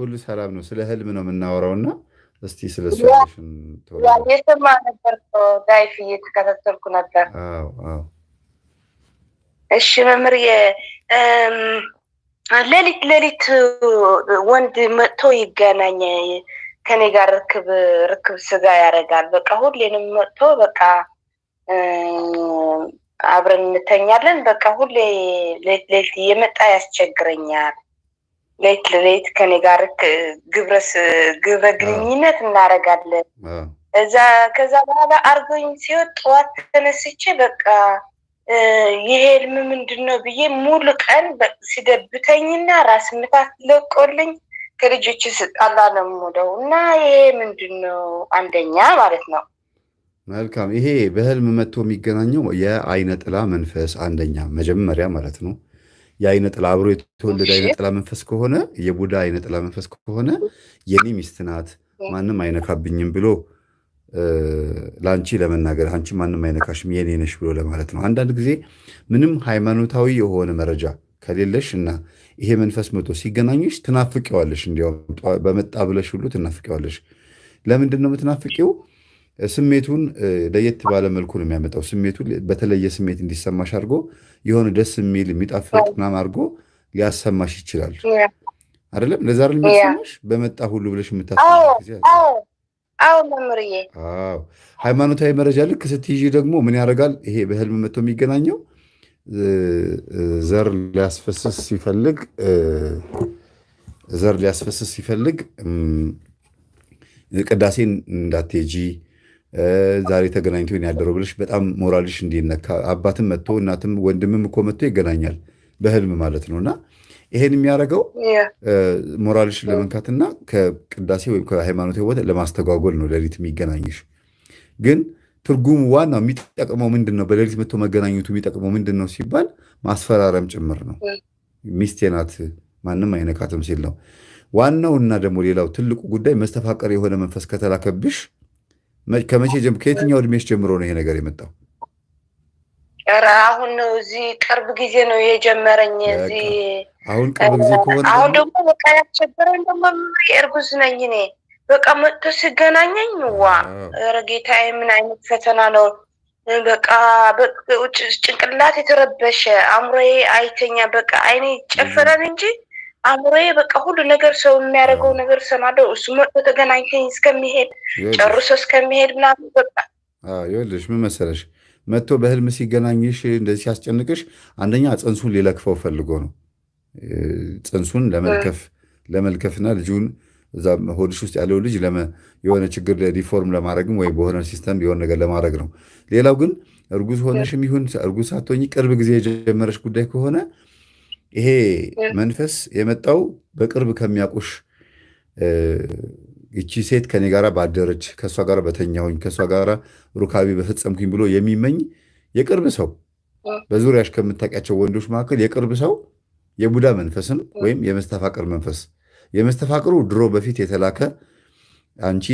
ሁሉ ሰላም ነው። ስለ ህልም ነው የምናወራው እና እስቲ ስለ እሱ የሰማ ነበር ዳይፍ እየተከታተልኩ ነበር። እሺ መምህር ሌሊት ሌሊት ወንድ መጥቶ ይገናኝ ከኔ ጋር ርክብ ርክብ ስጋ ያደርጋል። በቃ ሁሌንም መጥቶ በቃ አብረን እንተኛለን። በቃ ሁሌ ሌሊት ሌሊት እየመጣ ያስቸግረኛል። ሌት ለሌት ከኔ ጋር ግብረስ ግብረ ግንኙነት እናደርጋለን። እዛ ከዛ በኋላ አርጎኝ ሲወጥ ጠዋት ተነስቼ በቃ ይሄ ህልም ምንድን ነው ብዬ ሙሉ ቀን ሲደብተኝና ራስ ምታት ለቆልኝ ከልጆች ስጣላ ነው የምውለው እና ይሄ ምንድን ነው አንደኛ ማለት ነው። መልካም ይሄ በህልም መጥቶ የሚገናኘው የአይነ ጥላ መንፈስ አንደኛ መጀመሪያ ማለት ነው። የአይነ ጥላ አብሮ የተወለደ አይነ ጥላ መንፈስ ከሆነ የቡዳ አይነ ጥላ መንፈስ ከሆነ የኔ ሚስት ናት ማንም አይነካብኝም ብሎ ለአንቺ ለመናገር አንቺ ማንም አይነካሽም የኔ ነሽ ብሎ ለማለት ነው። አንዳንድ ጊዜ ምንም ሃይማኖታዊ የሆነ መረጃ ከሌለሽ እና ይሄ መንፈስ መቶ ሲገናኝሽ ትናፍቂዋለሽ፣ እንዲያውም በመጣ ብለሽ ሁሉ ትናፍቂዋለሽ። ለምንድን ነው የምትናፍቂው? ስሜቱን ለየት ባለ መልኩ ነው የሚያመጣው። ስሜቱን በተለየ ስሜት እንዲሰማሽ አድርጎ የሆነ ደስ የሚል የሚጣፍጥ ምናምን አድርጎ ሊያሰማሽ ይችላል። አይደለም ለዛ አይደል የሚሰማሽ በመጣ ሁሉ ብለሽ የምታስጊዜ ሃይማኖታዊ መረጃ ልክ ስትይዥ ደግሞ ምን ያደርጋል? ይሄ በህልም መጥቶ የሚገናኘው ዘር ሊያስፈስስ ሲፈልግ ዘር ሊያስፈስስ ሲፈልግ ቅዳሴን እንዳትሄጂ ዛሬ ተገናኝቶ ያደረው ብለሽ በጣም ሞራልሽ እንዲነካ አባትም መጥቶ እናትም ወንድምም እኮ መጥቶ ይገናኛል በህልም ማለት ነው። እና ይሄን የሚያደርገው ሞራልሽ ለመንካትና ከቅዳሴ ወይም ከሃይማኖት ህይወት ለማስተጓጎል ነው። ሌሊት የሚገናኝሽ ግን ትርጉሙ ዋናው የሚጠቅመው ምንድን ነው? በሌሊት መጥቶ መገናኘቱ የሚጠቅመው ምንድን ነው ሲባል ማስፈራረም ጭምር ነው። ሚስቴ ናት ማንም አይነካትም ሲል ነው። እና ደግሞ ሌላው ትልቁ ጉዳይ መስተፋቀር የሆነ መንፈስ ከተላከብሽ ከመቼ ከየትኛው እድሜሽ ጀምሮ ነው ይሄ ነገር የመጣው? ኧረ አሁን እዚህ ቅርብ ጊዜ ነው የጀመረኝ። እዚህ አሁን ቅርብ ጊዜ ከሆነ አሁን ደግሞ በቃ ያስቸገረኝ ደግሞ እርጉዝ ነኝ እኔ በቃ መጥቶ ሲገናኘኝ ዋ ኧረ ጌታዬ ምን አይነት ፈተና ነው። በቃ ጭንቅላት የተረበሸ አእምሮዬ አይተኛ በቃ አይኔ ጨፈረን እንጂ አእምሮዬ በቃ ሁሉ ነገር ሰው የሚያደርገው ነገር ሰማደ እሱ መጥቶ ተገናኝተኝ እስከሚሄድ ጨርሶ እስከሚሄድ ምናምን በቃ ይኸውልሽ፣ ምን መሰለሽ መጥቶ በህልም ሲገናኝሽ እንደዚህ ሲያስጨንቅሽ፣ አንደኛ ጽንሱን ሊለክፈው ፈልጎ ነው። ጽንሱን ለመልከፍ ለመልከፍና ልጁን እዛ ሆድሽ ውስጥ ያለው ልጅ የሆነ ችግር ሪፎርም ለማድረግም ወይ በሆነ ሲስተም የሆነ ነገር ለማድረግ ነው። ሌላው ግን እርጉዝ ሆነሽም ይሁን እርጉዝ ሳትሆኚ ቅርብ ጊዜ የጀመረሽ ጉዳይ ከሆነ ይሄ መንፈስ የመጣው በቅርብ ከሚያውቁሽ ይቺ ሴት ከኔ ጋር ባደረች ከእሷ ጋር በተኛሁኝ ከእሷ ጋር ሩካቢ በፈጸምኩኝ ብሎ የሚመኝ የቅርብ ሰው በዙሪያሽ ከምታውቂያቸው ወንዶች መካከል የቅርብ ሰው የቡዳ ነው ወይም የመስተፋቅር መንፈስ የመስተፋቅሩ ድሮ በፊት የተላከ አንቺ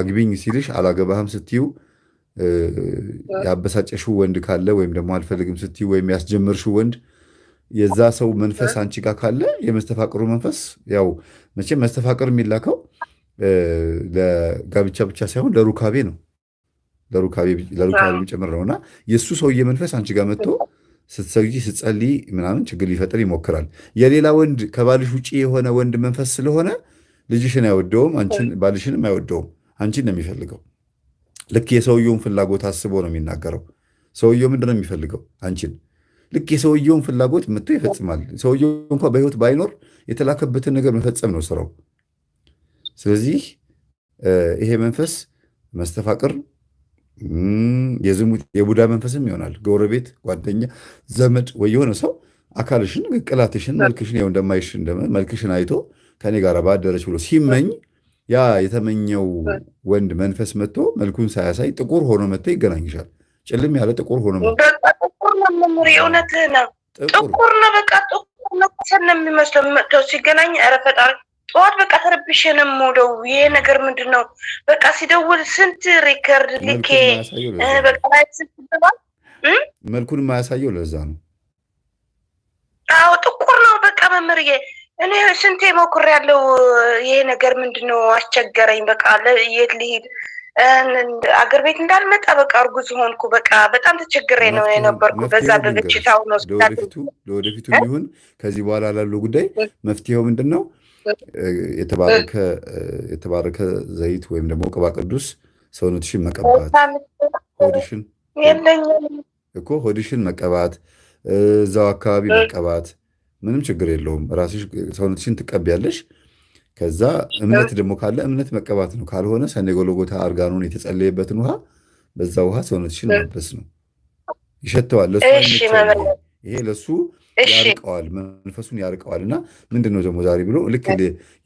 አግቢኝ ሲልሽ አላገባህም ስትዩ ያበሳጨሽው ወንድ ካለ ወይም ደግሞ አልፈልግም ስትዩ ወይም ያስጀመርሽው ወንድ የዛ ሰው መንፈስ አንቺ ጋር ካለ የመስተፋቅሩ መንፈስ ያው መቼም መስተፋቅር የሚላከው ለጋብቻ ብቻ ሳይሆን ለሩካቤ ነው፣ ለሩካቤ ጭምር ነው እና የእሱ ሰውዬ መንፈስ አንቺ ጋር መጥቶ ስትሰግጂ ስትጸልይ ምናምን ችግር ሊፈጥር ይሞክራል። የሌላ ወንድ ከባልሽ ውጭ የሆነ ወንድ መንፈስ ስለሆነ ልጅሽን አይወደውም፣ ባልሽንም አይወደውም። አንቺን ነው የሚፈልገው። ልክ የሰውየውን ፍላጎት አስቦ ነው የሚናገረው። ሰውየው ምንድን ነው የሚፈልገው? አንቺን ልክ የሰውየውን ፍላጎት መጥቶ ይፈጽማል። ሰውየው እንኳ በህይወት ባይኖር የተላከበትን ነገር መፈጸም ነው ስራው። ስለዚህ ይሄ መንፈስ መስተፋቅር፣ የዝሙት የቡዳ መንፈስም ይሆናል። ጎረቤት፣ ጓደኛ፣ ዘመድ ወይ የሆነ ሰው አካልሽን፣ ቅላትሽን፣ መልክሽን ው እንደማይሽ መልክሽን አይቶ ከኔ ጋር ባደረች ብሎ ሲመኝ ያ የተመኘው ወንድ መንፈስ መጥቶ መልኩን ሳያሳይ ጥቁር ሆኖ መጥቶ ይገናኝሻል። ጭልም ያለ ጥቁር ሆኖ መጥቶ መምሪ እውነት ነው። ጥቁር ነው፣ በቃ ጥቁር ነው። ሰን ነው የሚመስለው መጥተው ሲገናኝ ኧረ ፈጣሪ ጠዋት በቃ ተረብሼ ነው የምውለው። ይሄ ነገር ምንድን ነው? በቃ ሲደውል ስንት ሪከርድ ልኬ በቃ ላይ ስንት ይባል መልኩን የማያሳየው ለዛ ነው። አዎ ጥቁር ነው በቃ መምርዬ እኔ ስንቴ ሞክሬያለሁ። ይሄ ነገር ምንድን ነው? አስቸገረኝ። በቃ ለየት ልሂድ አገር ቤት እንዳልመጣ በቃ እርጉዝ ሆንኩ። በቃ በጣም ተቸግሬ ነው የነበርኩ በዛ በበሽታው ነው። ለወደፊቱ ቢሆን ከዚህ በኋላ ላለው ጉዳይ መፍትሄው ምንድን ነው? የተባረከ ዘይት ወይም ደግሞ ቅባ ቅዱስ ሰውነትሽን መቀባት፣ ሆድሽን እኮ ሆድሽን መቀባት፣ እዛው አካባቢ መቀባት፣ ምንም ችግር የለውም። ራስሽ ሰውነትሽን ትቀቢያለሽ። ከዛ እምነት ደግሞ ካለ እምነት መቀባት ነው። ካልሆነ ሰኔ ጎልጎታ አርጋኖን የተጸለየበትን ውሃ በዛ ውሃ ሰውነትሽን ማበስ ነው። ይሸተዋል፣ ይሄ ለሱ ያርቀዋል፣ መንፈሱን ያርቀዋል። እና ምንድን ነው ደግሞ ዛሬ ብሎ ልክ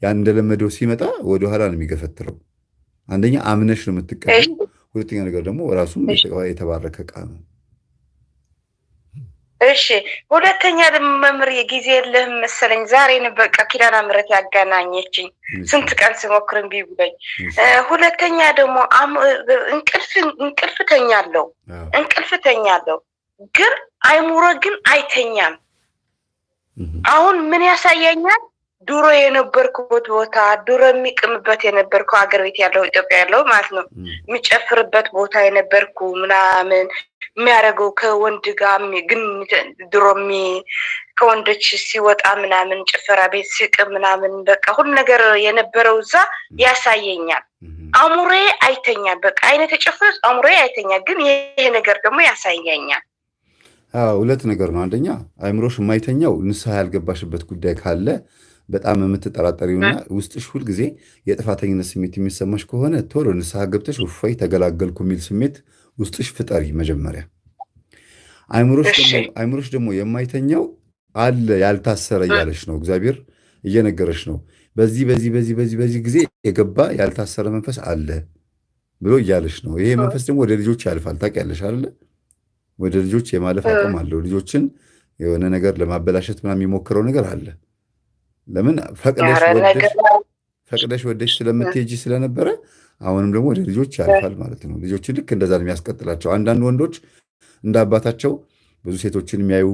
ያን እንደለመደው ሲመጣ ወደኋላ ነው የሚገፈትረው። አንደኛ አምነሽ ነው የምትቀበሉ፣ ሁለተኛ ነገር ደግሞ ራሱም የተባረከ ዕቃ ነው። እሺ ሁለተኛ ደግሞ መምህር የጊዜ የለህም መሰለኝ። ዛሬን በቃ ኪዳነ ምሕረት ያገናኘችኝ ስንት ቀን ስሞክር እምቢ ሁለተኛ ደግሞ እንቅልፍ እንቅልፍ ተኛለሁ እንቅልፍ ተኛለሁ፣ ግን አይሙረ ግን አይተኛም። አሁን ምን ያሳያኛል? ድሮ የነበርኩበት ቦታ ድሮ የሚቅምበት የነበርኩ ሀገር ቤት ያለው ኢትዮጵያ ያለው ማለት ነው የሚጨፍርበት ቦታ የነበርኩ ምናምን የሚያደርገው ከወንድ ጋር ግን ድሮ ከወንዶች ሲወጣ ምናምን ጭፈራ ቤት ሲቅ ምናምን በቃ ሁሉ ነገር የነበረው እዛ ያሳየኛል። አእምሮዬ አይተኛ በቃ አይነ ተጨፈስ አእምሮዬ አይተኛ። ግን ይሄ ነገር ደግሞ ያሳየኛል። ሁለት ነገር ነው። አንደኛ አይምሮሽ የማይተኛው ንስሐ ያልገባሽበት ጉዳይ ካለ በጣም የምትጠራጠሪውና ውስጥሽ ሁልጊዜ የጥፋተኝነት ስሜት የሚሰማሽ ከሆነ ቶሎ ንስሐ ገብተሽ ውፋይ ተገላገልኩ የሚል ስሜት ውስጥሽ ፍጠሪ መጀመሪያ። አይምሮሽ ደግሞ የማይተኛው አለ ያልታሰረ እያለሽ ነው፣ እግዚአብሔር እየነገረሽ ነው። በዚህ በዚህ በዚህ በዚህ በዚህ ጊዜ የገባ ያልታሰረ መንፈስ አለ ብሎ እያለሽ ነው። ይሄ መንፈስ ደግሞ ወደ ልጆች ያልፋል። ታውቂያለሽ አለ ወደ ልጆች የማለፍ አቅም አለው። ልጆችን የሆነ ነገር ለማበላሸት ምናምን የሚሞክረው ነገር አለ። ለምን ፈቅደሽ ወደሽ ፈቅደሽ ወደሽ ስለምትሄጂ ስለነበረ አሁንም ደግሞ ወደ ልጆች ያልፋል ማለት ነው። ልጆችን ልክ እንደዛ ነው የሚያስቀጥላቸው። አንዳንድ ወንዶች እንደ አባታቸው ብዙ ሴቶችን የሚያዩ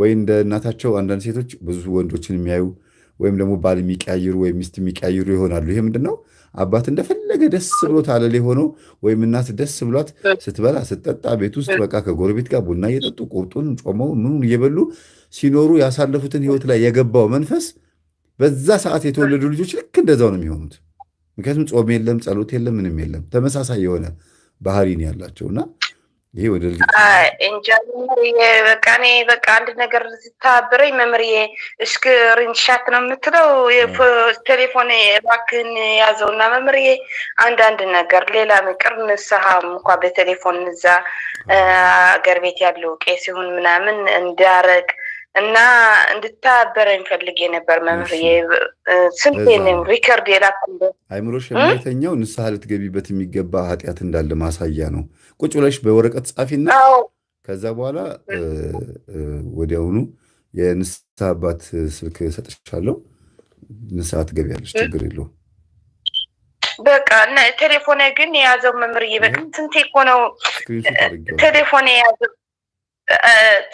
ወይ እንደ እናታቸው አንዳንድ ሴቶች ብዙ ወንዶችን የሚያዩ ወይም ደግሞ ባል የሚቀያይሩ ወይም ሚስት የሚቀያይሩ ይሆናሉ። ይሄ ምንድን ነው? አባት እንደፈለገ ደስ ብሎት አለሌ ሆኖ ወይም እናት ደስ ብሏት ስትበላ ስትጠጣ ቤት ውስጥ በቃ ከጎረቤት ጋር ቡና እየጠጡ ቁርጡን ጮመው ምኑን እየበሉ ሲኖሩ ያሳለፉትን ህይወት ላይ የገባው መንፈስ በዛ ሰዓት የተወለዱ ልጆች ልክ እንደዛው ነው የሚሆኑት። ምክንያቱም ጾም የለም፣ ጸሎት የለም፣ ምንም የለም። ተመሳሳይ የሆነ ባህሪ ነው ያላቸው እና ይሄ ወደ ልጅ እንጃ በቃ እኔ በቃ አንድ ነገር ስታብረኝ እስክ እስክሪንሻት ነው የምትለው ቴሌፎን እባክህን ያዘው እና መምርዬ አንዳንድ ነገር ሌላ ምቅር ንስሐ እንኳ በቴሌፎን እዛ አገር ቤት ያለው ቄስ ይሁን ምናምን እንዳረቅ እና እንድታበረኝ ፈልጌ ነበር መምህርዬ። ስንቴን ሪከርድ የላኩበ አይምሮሽ የሚተኛው ንስሐ ልትገቢበት የሚገባ ኃጢአት እንዳለ ማሳያ ነው። ቁጭ ብለሽ በወረቀት ጻፊና ከዛ በኋላ ወዲያውኑ የንስሐ አባት ስልክ ሰጥሻለሁ። ንስሐ ትገቢያለሽ፣ ችግር የለውም። በቃ ቴሌፎኔ ግን የያዘው መምህርዬ፣ በቃ ስንቴ እኮ ነው ቴሌፎኔ የያዘው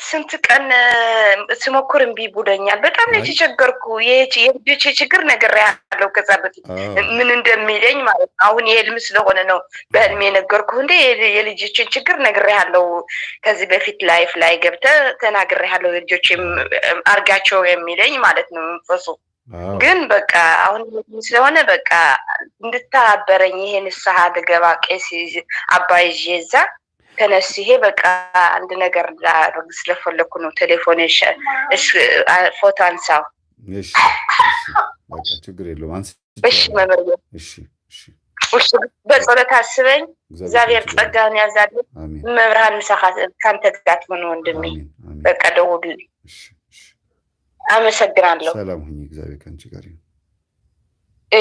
ስንት ቀን ስሞክር እምቢ ብሎኛል። በጣም ነው የተቸገርኩ። የልጆቼ ችግር ነገር ያለው ከዛ በፊት ምን እንደሚለኝ ማለት ነው። አሁን የህልም ስለሆነ ነው በህልም የነገርኩ እንደ የልጆችን ችግር ነገር ያለው ከዚህ በፊት ላይፍ ላይ ገብተ ተናግር ያለው የልጆች አርጋቸው የሚለኝ ማለት ነው መንፈሱ። ግን በቃ አሁን ስለሆነ በቃ እንድታበረኝ ይሄን ንስሐ ልገባ ቄስ አባ እዛ ተነስ፣ ይሄ በቃ አንድ ነገር ላደርግ ስለፈለኩ ነው። ቴሌፎን ፎቶ አንሳው። ችግር የለውም አንስ። መምህር፣ በጸሎት አስበኝ። እግዚአብሔር ጸጋን ያዛል። መብርሃን ምሳኻ ካንተ ጋር ትሆን ወንድሜ። በቃ ደውል። አመሰግናለሁ። ሰላም ሁኝ። እግዚአብሔር ከአንቺ ጋር ይሁን።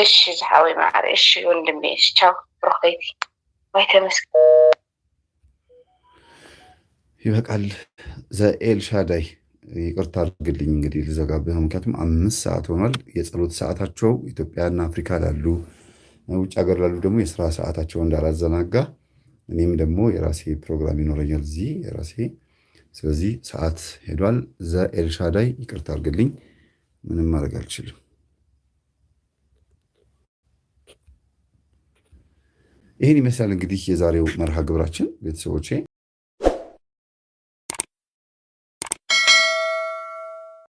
እሺ ዝሓወይ ማዕረ። እሺ ወንድሜ። እሺ ቻው ብሮክቤቲ ወይ ተመስገን ይበቃል። ዘኤል ሻዳይ ይቅርታ አድርግልኝ እንግዲህ ልዘጋብህ ምክንያቱም አምስት ሰዓት ሆኗል። የጸሎት ሰዓታቸው ኢትዮጵያና አፍሪካ ላሉ ውጭ ሀገር ላሉ ደግሞ የስራ ሰዓታቸው እንዳላዘናጋ እኔም ደግሞ የራሴ ፕሮግራም ይኖረኛል እዚህ የራሴ ስለዚህ ሰዓት ሄዷል። ዘኤልሻዳይ ይቅርታ አድርግልኝ። ምንም ማድረግ አልችልም። ይህን ይመስላል እንግዲህ የዛሬው መርሃ ግብራችን ቤተሰቦቼ